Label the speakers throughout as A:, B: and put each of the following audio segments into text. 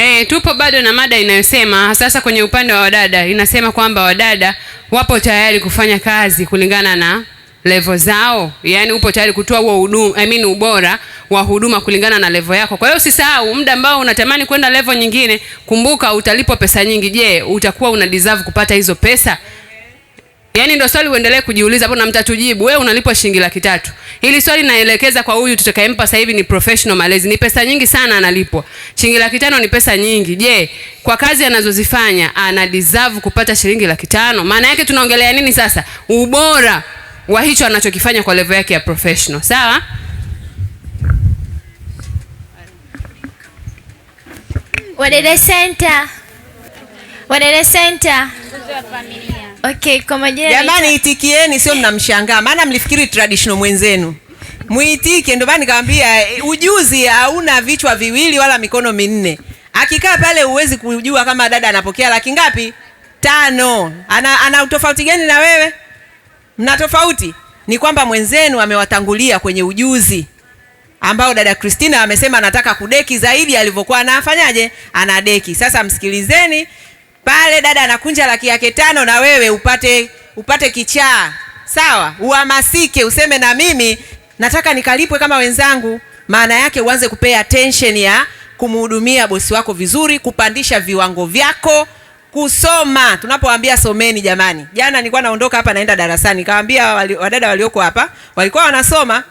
A: E, tupo bado na mada inayosema sasa kwenye upande wa wadada inasema kwamba wadada wapo tayari kufanya kazi kulingana na levo zao, yaani upo tayari kutoa huo huduma, I mean ubora wa huduma kulingana na levo yako. Kwa hiyo usisahau muda ambao unatamani kwenda levo nyingine, kumbuka utalipwa pesa nyingi. Je, utakuwa una deserve kupata hizo pesa? Yaani ndio swali uendelee kujiuliza hapo na mtatujibu. Wewe unalipwa shilingi laki tatu. Hili swali naelekeza kwa huyu tutakayempa sasa hivi ni professional malezi. Ni pesa nyingi sana analipwa. Shilingi laki tano ni pesa nyingi. Je, kwa kazi anazozifanya ana deserve kupata shilingi laki tano? Maana yake tunaongelea nini sasa? Ubora wa hicho anachokifanya kwa level yake ya professional. Sawa?
B: Wadada Center. Wadada Center. Okay, kwa majina
A: jamani, itikieni, sio mnamshangaa, maana mlifikiri traditional mwenzenu Mwitike. Ndio maana nikamwambia eh, ujuzi hauna vichwa viwili wala mikono minne. Akikaa pale huwezi kujua kama dada anapokea laki ngapi, tano. Ana, ana utofauti gani na wewe? Mna tofauti ni kwamba mwenzenu amewatangulia kwenye ujuzi ambao dada Christina amesema anataka kudeki zaidi alivyokuwa anafanyaje, anadeki. Sasa msikilizeni pale dada anakunja laki yake tano, na wewe upate upate kichaa sawa, uhamasike, useme na mimi nataka nikalipwe kama wenzangu. Maana yake uanze kupea attention ya kumhudumia bosi wako vizuri, kupandisha viwango vyako, kusoma. Tunapoambia someni, jamani, jana nilikuwa naondoka hapa naenda darasani, nikawaambia wali, wadada walioko hapa walikuwa wanasoma,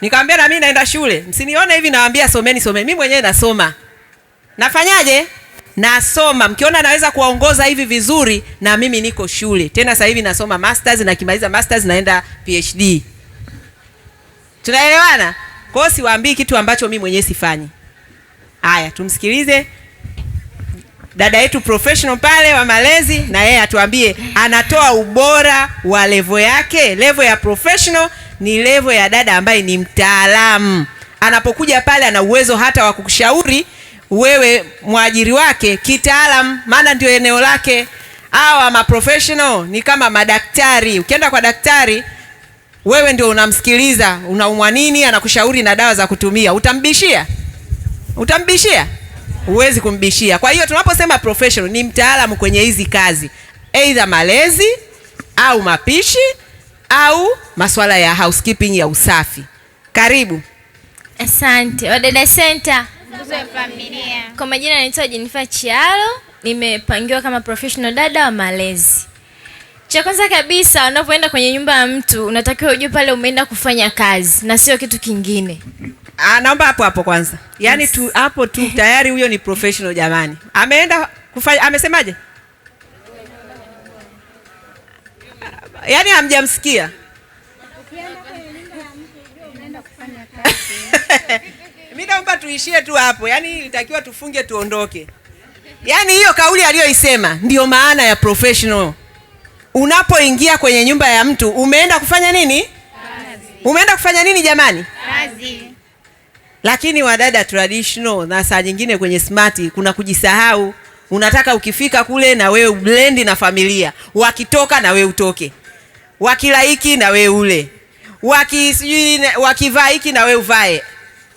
A: nikawaambia na mimi naenda shule, msinione hivi nawaambia someni, someni. Mimi mwenyewe nasoma, nafanyaje? nasoma, mkiona naweza kuwaongoza hivi vizuri, na mimi niko shule tena. Sasa hivi nasoma masters, na kimaliza masters naenda PhD. Tunaelewana? Kwa hiyo siwaambii kitu ambacho mimi mwenyewe sifanyi. Haya, tumsikilize dada yetu professional pale wa malezi, na yeye atuambie anatoa ubora wa levo yake. Levo ya professional ni levo ya dada ambaye ni mtaalamu, anapokuja pale ana uwezo hata wa kukushauri wewe mwajiri wake kitaalam, maana ndio eneo lake. Hawa maprofessional ni kama madaktari. Ukienda kwa daktari, wewe ndio unamsikiliza, unaumwa nini, anakushauri na dawa za kutumia. Utambishia? Utambishia? Huwezi kumbishia. Kwa hiyo tunaposema professional ni mtaalamu kwenye hizi kazi, aidha malezi au mapishi au masuala ya housekeeping ya usafi. Karibu.
B: Asante Wadada Center. Kwa majina naitwa Jenifa Chialo, nimepangiwa kama professional dada wa malezi. Cha kwanza kabisa, unapoenda kwenye nyumba ya mtu unatakiwa ujue pale umeenda kufanya kazi na sio kitu kingine.
A: Ah, naomba hapo hapo kwanza, yaani yes. tu hapo tu tayari huyo ni professional jamani, ameenda kufanya, amesemaje? Yaani hamjamsikia Mimi naomba tuishie tu hapo, yaani ilitakiwa tufunge tuondoke. Yaani hiyo kauli aliyoisema ndiyo maana ya professional. Unapoingia kwenye nyumba ya mtu umeenda kufanya nini? Kazi. Umeenda kufanya nini jamani? Kazi. Lakini wadada traditional na saa nyingine kwenye smart kuna kujisahau. Unataka ukifika kule na wewe blend na familia, wakitoka na wewe utoke, wakilaiki na wewe ule, wakivaa hiki na wewe uvae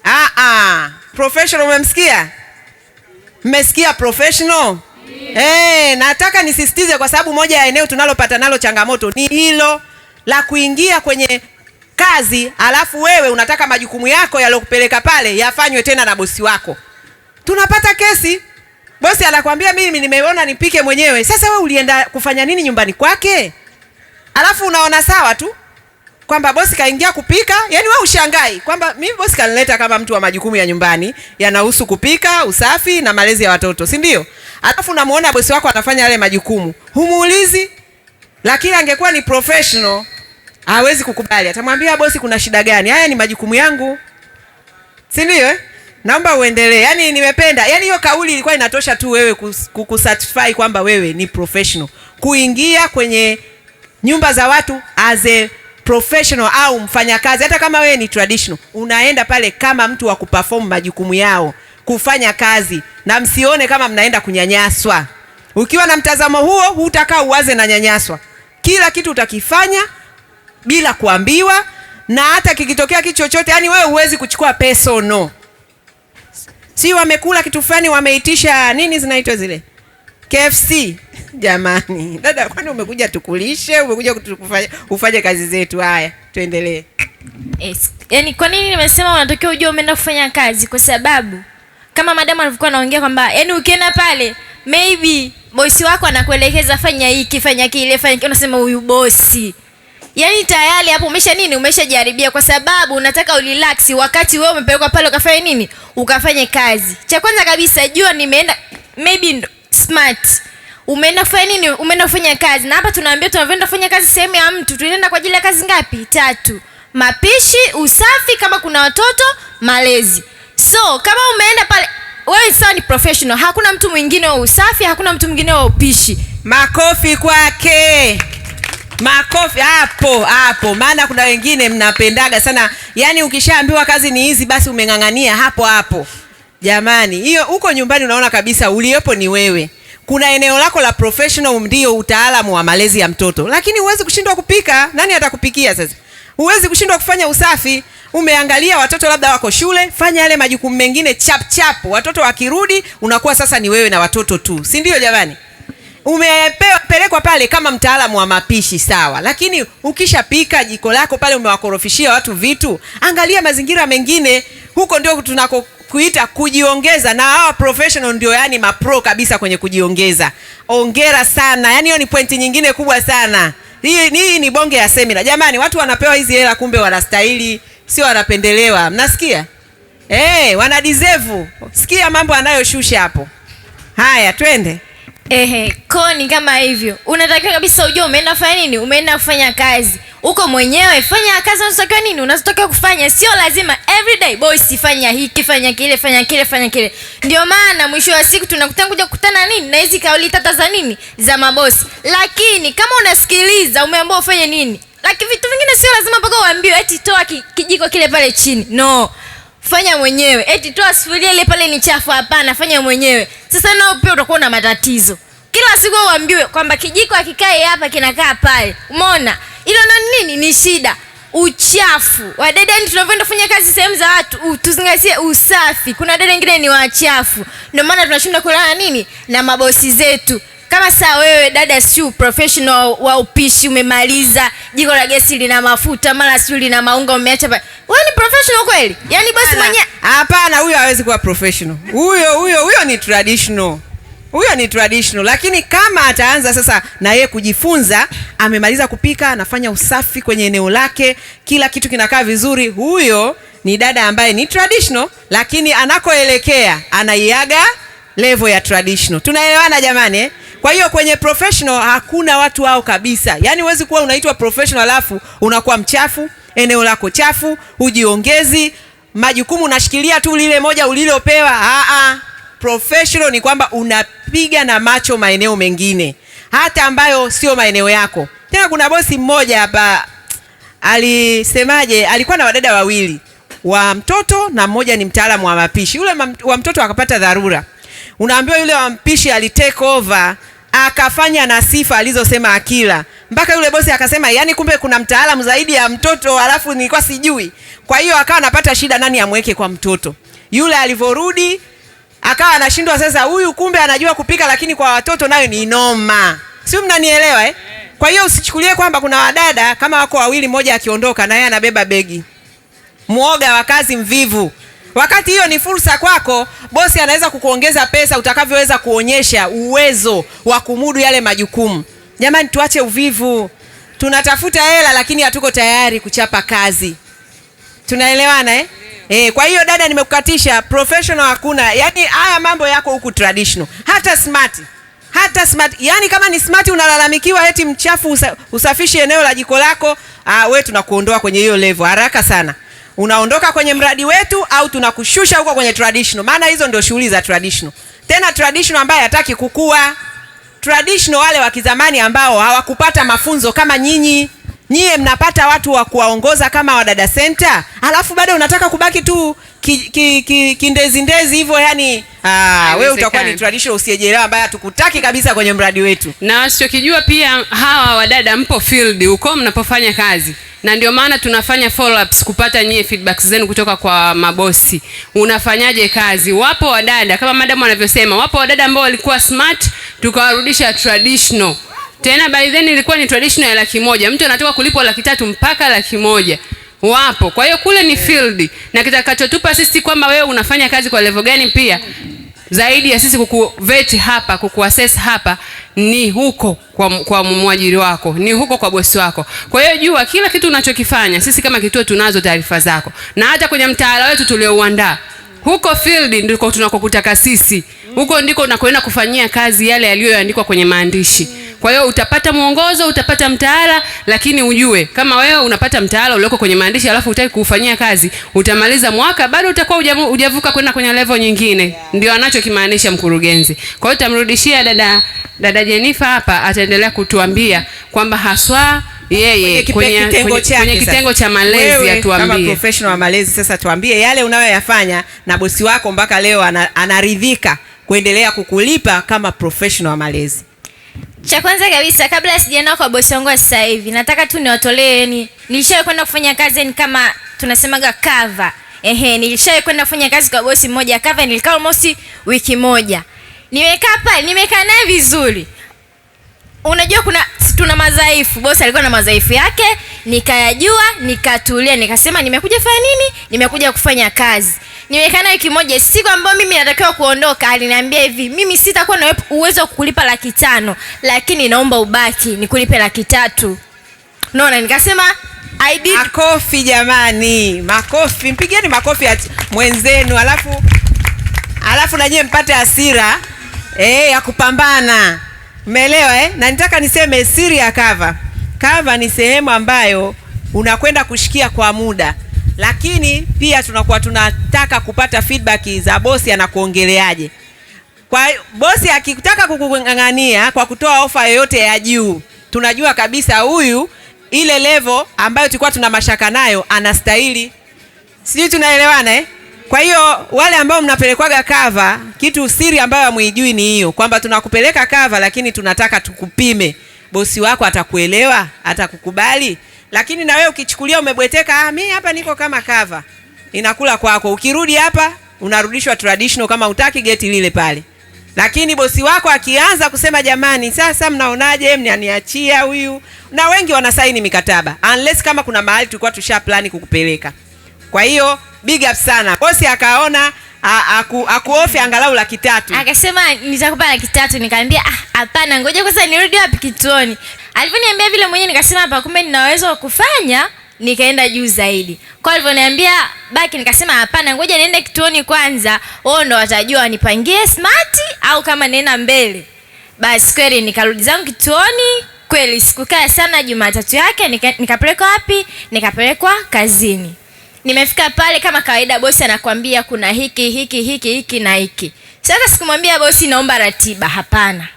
A: Ah, ah. Professional umemsikia? Mmesikia professional? Hey, nataka nisisitize kwa sababu moja ya eneo tunalopata nalo changamoto ni hilo la kuingia kwenye kazi alafu wewe unataka majukumu yako yalokupeleka pale yafanywe tena na bosi wako. Tunapata kesi, bosi anakwambia mimi nimeona nipike mwenyewe. Sasa wewe ulienda kufanya nini nyumbani kwake? Alafu unaona sawa tu kwamba bosi kaingia kupika, yani wewe ushangai kwamba mimi bosi kanileta kama mtu wa majukumu ya nyumbani yanahusu kupika, usafi na malezi ya watoto, si ndio? Alafu namuona bosi wako anafanya yale majukumu, humuulizi. Lakini angekuwa ni professional hawezi kukubali, atamwambia bosi, kuna shida gani? Haya ni majukumu yangu, si ndio? Eh? naomba uendelee. Yani nimependa, yani hiyo kauli ilikuwa inatosha tu wewe kukusatisfy kwamba wewe ni professional, kuingia kwenye nyumba za watu as a professional au mfanyakazi, hata kama wewe ni traditional, unaenda pale kama mtu wa kuperform majukumu yao, kufanya kazi, na msione kama mnaenda kunyanyaswa. Ukiwa na mtazamo huo, hutakaa uwaze na nyanyaswa. Kila kitu utakifanya bila kuambiwa, na hata kikitokea kitu chochote, yani wewe huwezi kuchukua personal. Si wamekula kitu fulani, wameitisha nini, zinaitwa zile KFC jamani, dada, kwani umekuja tukulishe? Umekuja kutufanya ufanye kazi zetu? Haya, tuendelee. Yes.
B: Eh, yaani, kwa nini nimesema unatakiwa ujue umeenda kufanya kazi? Kwa sababu kama madamu alivyokuwa anaongea kwamba yaani ukienda pale maybe bosi wako anakuelekeza fanya hiki, fanya kile, fanya kile, unasema huyu bosi yaani tayari hapo umesha nini, umeshajaribia, kwa sababu unataka urelax wakati wewe umepelekwa pale ukafanya nini, ukafanye kazi. Cha kwanza kabisa jua nimeenda maybe ndo, smart umeenda kufanya nini? Umeenda kufanya kazi. Na hapa tunaambia tunavyoenda kufanya kazi sehemu ya mtu, tunaenda kwa ajili ya kazi ngapi? Tatu: mapishi, usafi, kama kuna watoto, malezi. So kama umeenda pale wewe sawa, ni professional, hakuna mtu mwingine wa usafi, hakuna mtu mwingine wa upishi.
A: Makofi kwake, makofi hapo hapo, maana kuna wengine mnapendaga sana, yani ukishaambiwa kazi ni hizi, basi umeng'ang'ania hapo hapo. Jamani, hiyo huko nyumbani unaona kabisa uliyepo ni wewe. Kuna eneo lako la professional, ndio utaalamu wa malezi ya mtoto, lakini huwezi kushindwa kupika. Nani atakupikia sasa? Huwezi kushindwa kufanya usafi. Umeangalia watoto labda wako shule, fanya yale majukumu mengine chap chap. Watoto wakirudi, unakuwa sasa ni wewe na watoto tu, si ndio? Jamani umepelekwa pale kama mtaalamu wa mapishi sawa, lakini ukishapika jiko lako pale, umewakorofishia watu vitu, angalia mazingira mengine. Huko ndio tunako kuita kujiongeza, na hawa professional ndio yani mapro kabisa kwenye kujiongeza. Ongera sana, yani hiyo ni pointi nyingine kubwa sana. Hii, ni, hii ni bonge ya semina jamani, watu wanapewa hizi hela kumbe wanastahili, sio wanapendelewa. Mnasikia eh? Hey, wanadeserve. Sikia mambo anayoshusha hapo. Haya, twende.
B: Ehe, koni kama hivyo, unatakiwa kabisa ujue umeenda kufanya nini, umeenda kufanya kazi uko mwenyewe, fanya kazi unazotakiwa nini, unazotakiwa kufanya. Sio lazima everyday boss, fanya hiki fanya kile fanya kile fanya kile. Ndio maana mwisho wa siku tunakutana kuja kukutana nini na hizi kauli tata za nini za mabosi, lakini kama unasikiliza, umeambiwa ufanye nini, lakini vitu vingine sio lazima mpaka uambiwe eti toa kijiko kile pale chini, no fanya mwenyewe, eti toa sufuria ile pale ni chafu. Hapana, fanya mwenyewe. Sasa nao pia utakuwa na matatizo kila siku, uambiwe kwamba kijiko akikae hapa kinakaa pale. Umeona Ile na nini? Ni shida uchafu Wadada, dada. Yani tunavyoenda kufanya kazi sehemu za watu, tuzingatie usafi. Kuna dada wengine ni wachafu, ndio maana tunashinda kulala nini na mabosi zetu. Kama saa wewe dada, si professional wa upishi, umemaliza jiko la gesi lina mafuta, mara siu lina maunga, umeacha Wewe ni professional kweli? yani bosi mwenye
A: Hapana, huyo hawezi kuwa professional. Huyo huyo huyo ni traditional huyo ni traditional, lakini kama ataanza sasa na yeye kujifunza, amemaliza kupika, anafanya usafi kwenye eneo lake, kila kitu kinakaa vizuri, huyo ni dada ambaye ni traditional, lakini anakoelekea anaiaga level ya traditional. Tunaelewana jamani eh? Kwa hiyo kwenye professional hakuna watu hao kabisa, yaani huwezi kuwa unaitwa professional alafu unakuwa mchafu, eneo lako chafu, hujiongezi majukumu, unashikilia tu lile moja ulilopewa. Ah ah. professional ni kwamba unapiga na macho maeneo mengine hata ambayo sio maeneo yako. Tena kuna bosi mmoja hapa alisemaje, alikuwa na wadada wawili wa mtoto na mmoja ni mtaalamu wa mapishi. Yule wa mtoto akapata dharura Unaambiwa yule mpishi alitake over akafanya na sifa alizosema akila, mpaka yule bosi akasema, yani kumbe kuna mtaalamu zaidi ya mtoto, alafu nilikuwa sijui. Kwa hiyo akawa anapata shida nani amweke kwa mtoto yule. alivorudi akawa anashindwa sasa, huyu kumbe anajua kupika, lakini kwa watoto nayo ni noma, sio? Mnanielewa eh? Kwa hiyo usichukulie kwamba kuna wadada kama wako wawili, mmoja akiondoka na yeye anabeba begi. muoga wa kazi, mvivu. Wakati hiyo ni fursa kwako, bosi anaweza kukuongeza pesa utakavyoweza kuonyesha uwezo wa kumudu yale majukumu. Jamani, tuache uvivu, tunatafuta hela lakini hatuko tayari kuchapa kazi. Tunaelewana eh? E, kwa hiyo dada, nimekukatisha professional hakuna. Yaani haya mambo yako huku traditional, hata smart, hata smart. Yaani kama ni smart unalalamikiwa eti mchafu usa, usafishe eneo la jiko lako. Ah, we tunakuondoa kwenye hiyo level haraka sana unaondoka kwenye mradi wetu au tunakushusha huko kwenye traditional, maana hizo ndio shughuli za traditional. Tena traditional ambaye hataki kukua, traditional wale wa kizamani ambao hawakupata mafunzo kama nyinyi. Nyie mnapata watu wa kuwaongoza kama Wadada Center, alafu bado unataka kubaki tu kindezi ndezi hivyo yani. Ah, wewe utakuwa ni traditional usiyejelewa ambaye hatukutaki kabisa kwenye mradi wetu.
C: Na wasichokijua pia hawa wadada, mpo field huko mnapofanya kazi na ndio maana tunafanya follow ups kupata nyie feedback zenu kutoka kwa mabosi. Unafanyaje kazi? Wapo wadada kama madam wanavyosema, wapo wadada ambao walikuwa smart tukawarudisha traditional tena by then ilikuwa ni traditional ya laki moja, mtu anatoka kulipwa laki tatu mpaka laki moja. Wapo, kwa hiyo kule ni field, na kitakachotupa sisi kwamba wewe unafanya kazi kwa level gani pia zaidi ya sisi kukuveti hapa kukuassess hapa, ni huko kwa, kwa mwajiri wako, ni huko kwa bosi wako. Kwa hiyo jua kila kitu unachokifanya. Sisi kama kituo tunazo taarifa zako, na hata kwenye mtaala wetu tuliouandaa huko field ndiko tunakokutaka sisi, huko ndiko unakoenda kufanyia kazi yale yaliyoandikwa kwenye maandishi. Kwa hiyo utapata mwongozo, utapata mtaala, lakini ujue kama wewe unapata mtaala ulioko kwenye maandishi alafu utaki kuufanyia kazi, utamaliza mwaka bado utakuwa hujavuka kwenda kwenye level nyingine. Yeah. Ndio anachokimaanisha mkurugenzi. Kwa hiyo tamrudishia dada dada Jenifa hapa ataendelea kutuambia kwamba haswa yeye kwenye kitengo, kwenye kitengo cha malezi atuambie, kama
A: professional wa malezi sasa, tuambie yale unayoyafanya na bosi wako mpaka leo anaridhika kuendelea kukulipa kama professional wa malezi.
B: Cha kwanza kabisa kabla sijaenda kwa bosi wangu sasa hivi, nataka tu niwatolee, ni nilishawahi kwenda kufanya kazi, ni kama tunasemaga cover. Ehe, nilishawahi kwenda kufanya kazi kwa bosi mmoja cover, nilikaa almost wiki moja. Nimekaa pale, nimekaa naye vizuri. Unajua kuna tuna madhaifu, bosi alikuwa na madhaifu yake, nikayajua, nikatulia, nikasema nimekuja fanya nini? Nimekuja kufanya kazi nimekaa naye wiki moja, siku ambayo mimi natakiwa kuondoka, aliniambia hivi, mimi sitakuwa na uwezo wa kukulipa laki tano, lakini naomba ubaki nikulipe laki tatu. Naona nikasema I did.
A: Makofi jamani, makofi, mpigeni makofi mwenzenu, alafu alafu nanyewe mpate asira eh, ya kupambana. meelewa eh? Na nitaka niseme siri ya kava. Kava ni sehemu ambayo unakwenda kushikia kwa muda lakini pia tunakuwa tunataka kupata feedback za bosi anakuongeleaje. Kwa bosi akitaka kukung'ang'ania kwa kutoa ofa yoyote ya juu, tunajua kabisa huyu ile level ambayo tulikuwa tuna mashaka nayo anastahili. Sijui tunaelewana eh? Kwa hiyo wale ambao mnapelekwaga kava, kitu siri ambayo hamuijui ni hiyo kwamba tunakupeleka kava, lakini tunataka tukupime, bosi wako atakuelewa, atakukubali lakini na wewe ukichukulia umebweteka, ah, mimi hapa niko kama kava, inakula kwako. Ukirudi hapa unarudishwa traditional, kama utaki geti lile pale. Lakini bosi wako akianza kusema jamani, sasa mnaonaje, mnaniachia huyu, na wengi wanasaini mikataba unless kama kuna mahali tulikuwa tusha plani kukupeleka. Kwa hiyo big up sana bosi, akaona aku, angalau laki tatu.
B: Akasema nitakupa laki tatu, nikamwambia ah, hapana, ngoja kwanza nirudi wapi kituoni. Alivyoniambia vile mwenyewe nikasema hapa, kumbe ninaweza kufanya nikaenda juu zaidi. Kwa alivyoniambia baki, nikasema hapana, ngoja niende kituoni kwanza, wao ndo watajua wanipangie smart au kama nena mbele. Basi kweli nikarudi zangu kituoni. Kweli sikukaa sana, Jumatatu yake nikapelekwa nika wapi? Nikapelekwa kazini nimefika pale kama kawaida, bosi anakwambia kuna hiki hiki hiki hiki na hiki. Sasa sikumwambia bosi naomba ratiba, hapana.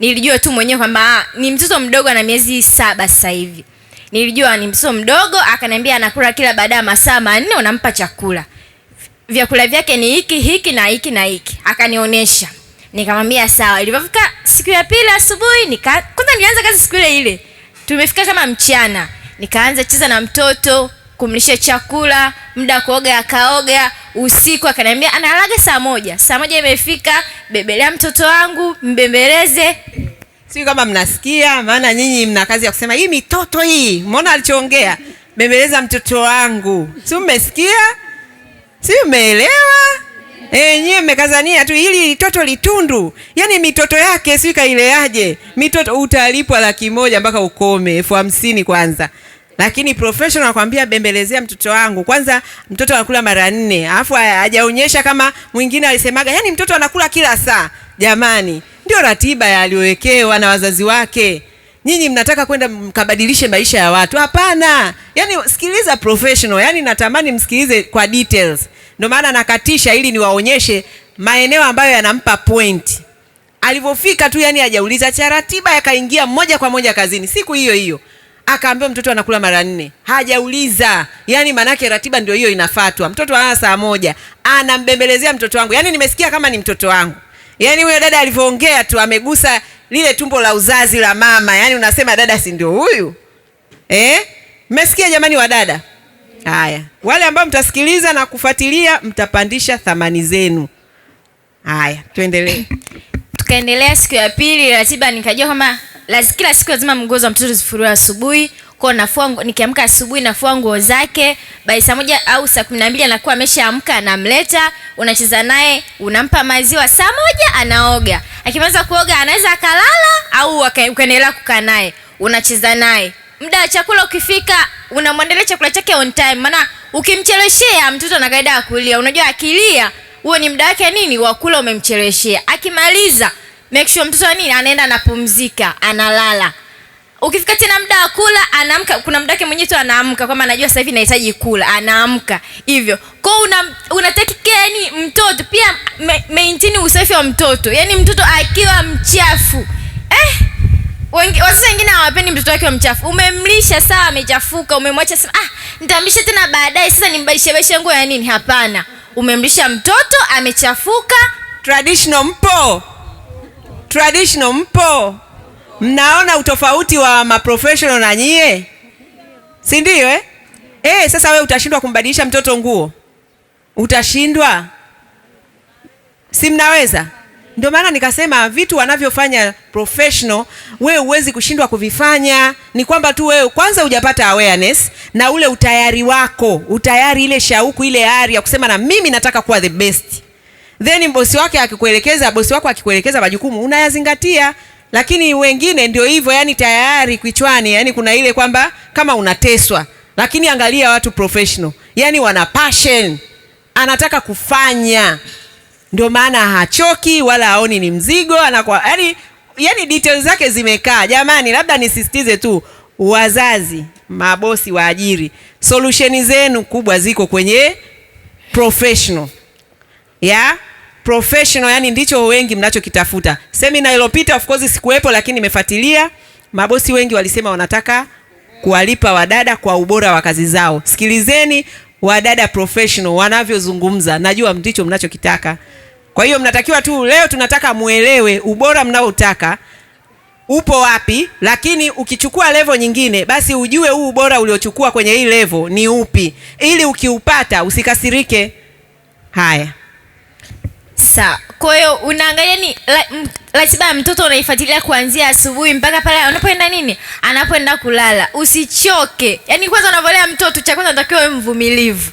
B: Nilijua tu mwenyewe kwamba ah, ni mtoto mdogo, ana miezi saba sasa hivi. Nilijua ni mtoto mdogo, akaniambia anakula kila baada ya masaa manne unampa chakula, vyakula vyake ni hiki hiki na hiki na hiki. Akanionyesha, nikamwambia sawa. Ilipofika siku ya pili asubuhi, nika kwanza nilianza kazi siku ile ile, tumefika kama mchana, nikaanza cheza na mtoto kumlisha chakula, muda kuoga akaoga, usiku akaniambia analaga saa moja. Saa moja imefika, bebelea mtoto wangu mbembeleze.
A: Sijui kama mnasikia, maana nyinyi mna kazi ya kusema hii mitoto hii. Umeona alichoongea? Bembeleza mtoto wangu. Si mmesikia? Si umeelewa Eh, nyie mmekazania tu ili toto litundu. Yaani mitoto yake sio kaileaje? Mitoto utalipwa laki moja mpaka ukome elfu hamsini kwanza. Lakini professional anakwambia bembelezea mtoto wangu. Kwanza mtoto anakula mara nne, alafu hajaonyesha kama mwingine alisemaga, yani mtoto anakula kila saa. Jamani, ndio ratiba aliyowekewa na wazazi wake. Nyinyi mnataka kwenda mkabadilishe maisha ya watu? Hapana. Yani sikiliza professional, yani natamani msikilize kwa details. Ndio maana nakatisha ili niwaonyeshe maeneo ambayo yanampa point. Alivyofika tu, yani hajauliza cha ratiba, yakaingia moja kwa moja kazini siku hiyo hiyo akaambiwa mtoto anakula mara nne, hajauliza. Yani maanake ratiba ndio hiyo inafatwa. Mtoto ana saa moja anambembelezea mtoto wangu, yani nimesikia kama ni mtoto wangu. Yani huyo dada alivyoongea tu amegusa lile tumbo la uzazi la mama, yani unasema dada, si ndio huyu eh? Mmesikia jamani, wa dada? Haya, wale ambao mtasikiliza na kufuatilia mtapandisha thamani zenu. Haya, tuendelee.
B: Tukaendelea siku ya pili, ratiba nikajua kama lazima kila siku lazima nguo za mtoto zifuliwe asubuhi. Kwa nafua nikiamka asubuhi nafua nguo zake, basi saa moja au saa kumi na mbili anakuwa ameshaamka, anamleta, unacheza naye, unampa maziwa, saa moja anaoga. Akimaliza kuoga anaweza akalala au ukaendelea kukaa naye, unacheza naye. Muda wa chakula ukifika, unamwandalia chakula chake on time, maana ukimcheleshea mtoto ana kaida ya kulia. Unajua akilia, huo ni muda wake nini wa kula, umemcheleshea. Akimaliza make sure mtoto nini anaenda anapumzika, analala. Ukifika tena muda wa kula anaamka. Kuna muda wake mwenyewe tu anaamka, kama anajua sasa hivi nahitaji kula, anaamka hivyo. Kwa una unataki yani mtoto pia maintain usafi wa mtoto, yani mtoto akiwa mchafu eh Wengi, wazazi wengine hawapendi mtoto wake wa mchafu. Umemlisha sawa, amechafuka, umemwacha sema, ah, nitamlisha tena baadaye, sasa nimbadilishe beshe nguo ya nini? Hapana, umemlisha mtoto amechafuka.
A: Traditional mpo traditional mpo? Mnaona utofauti wa maprofessional na nyie, si ndio eh? Eh, sasa we utashindwa kumbadilisha mtoto nguo? Utashindwa? si mnaweza? Ndio maana nikasema vitu wanavyofanya professional wewe huwezi kushindwa kuvifanya. Ni kwamba tu wewe kwanza hujapata awareness na ule utayari wako, utayari, ile shauku, ile ari ya kusema na mimi nataka kuwa the best then bosi wake akikuelekeza, bosi wako akikuelekeza majukumu unayazingatia, lakini wengine ndio hivyo, yani tayari kichwani, yani kuna ile kwamba kama unateswa. Lakini angalia watu professional, yani wana passion, anataka kufanya, ndio maana hachoki wala haoni ni mzigo, anakuwa yani yani details zake zimekaa. Jamani, labda nisisitize tu, wazazi, mabosi, waajiri, solution zenu kubwa ziko kwenye professional ya yeah? professional, yani ndicho wengi mnachokitafuta. Semina iliyopita of course sikuwepo, lakini nimefuatilia. Mabosi wengi walisema wanataka kuwalipa wadada kwa ubora wa kazi zao. Sikilizeni wadada professional wanavyozungumza, najua ndicho mnachokitaka. Kwa hiyo mnatakiwa tu, leo tunataka muelewe ubora mnaotaka upo wapi, lakini ukichukua levo nyingine, basi ujue huu ubora uliochukua kwenye hii levo ni upi, ili ukiupata usikasirike. Haya
B: kabisa. kwa hiyo unaangalia ni ratiba ya mtoto unaifuatilia kuanzia asubuhi mpaka pale anapoenda nini, anapoenda kulala. Usichoke, yaani kwanza unavolea mtoto, cha kwanza unatakiwa mvumilivu.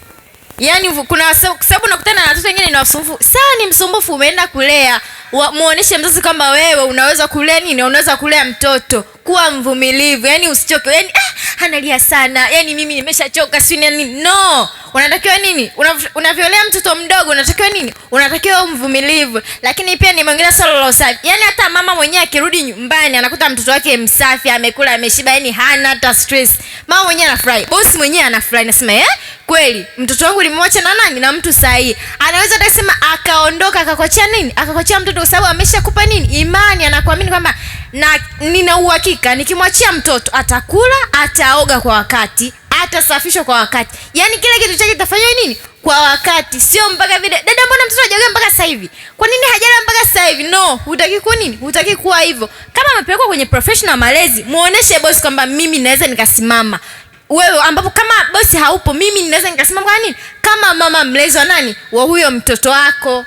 B: Yaani kuna sababu unakutana na watoto wengine ni wasumbufu. Sawa, ni msumbufu, umeenda kulea muoneshe mzazi kwamba wewe unaweza kulea nini, unaweza kulea mtoto. Kuwa mvumilivu, yani usichoke, yani ah, analia sana, yani mimi nimeshachoka, si nini. No, unatakiwa nini, unavyolea mtoto mdogo unatakiwa nini, unatakiwa mvumilivu. Lakini pia nimeongelea swala la usafi, yani hata mama mwenyewe akirudi nyumbani anakuta mtoto wake msafi, amekula, ameshiba, yani hana hata stress. Mama mwenyewe anafurahi, bosi mwenyewe anafurahi, nasema eh kweli mtoto wangu limwacha na nani, na mtu sahihi. Anaweza atasema akaondoka akakwachia nini, akakwachia mtoto upendo, sababu ameshakupa nini, imani. Anakuamini kwamba na nina uhakika nikimwachia mtoto atakula, ataoga kwa wakati, atasafishwa kwa wakati, yaani kila kitu chake kitafanya nini kwa wakati, sio mpaka vile dada, mbona mtoto hajaoga mpaka sasa hivi? Kwa nini hajala mpaka sasa hivi? No, hutaki kuwa nini, hutaki kuwa hivyo. Kama amepelekwa kwenye professional malezi, muoneshe bosi kwamba mimi naweza nikasimama wewe ambapo kama bosi haupo, mimi ninaweza nikasimama kwa nini, kama mama mlezi wa nani, wa huyo mtoto wako.